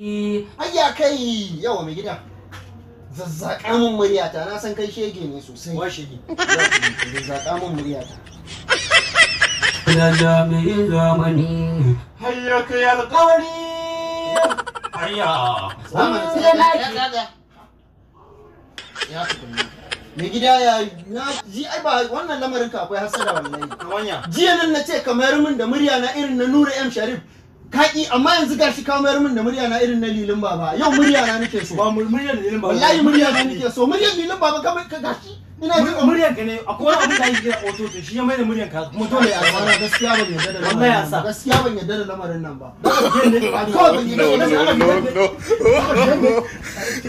Eh, Ayya kai yawa mai gida. Zazzaƙa muryata na san kai shege ne sosai. Wa shege. Zazzaƙa mun muryata. Da jami'in zamani hayya kai alƙawari. Ayya. Zamani Ya Mai gida ya na ji ai ba wannan lamarin ka akwai hasara wallahi. Jiya nan na ce kamar min da murya na irin na Nura M Sharif. kaki amma yanzu gashi ka mayar min da murya na irin na lilin baba yau murya na nake so ba murya lilin baba wallahi murya na nake so murya lilin baba ka ka gashi ina jin murya ka ne akwai wani da yake auto to shi ya mai da murya ka kuma dole a bana gaskiya ban yarda da wallahi asa gaskiya ban yarda da lamarin nan ba ko ban yarda da lamarin nan ba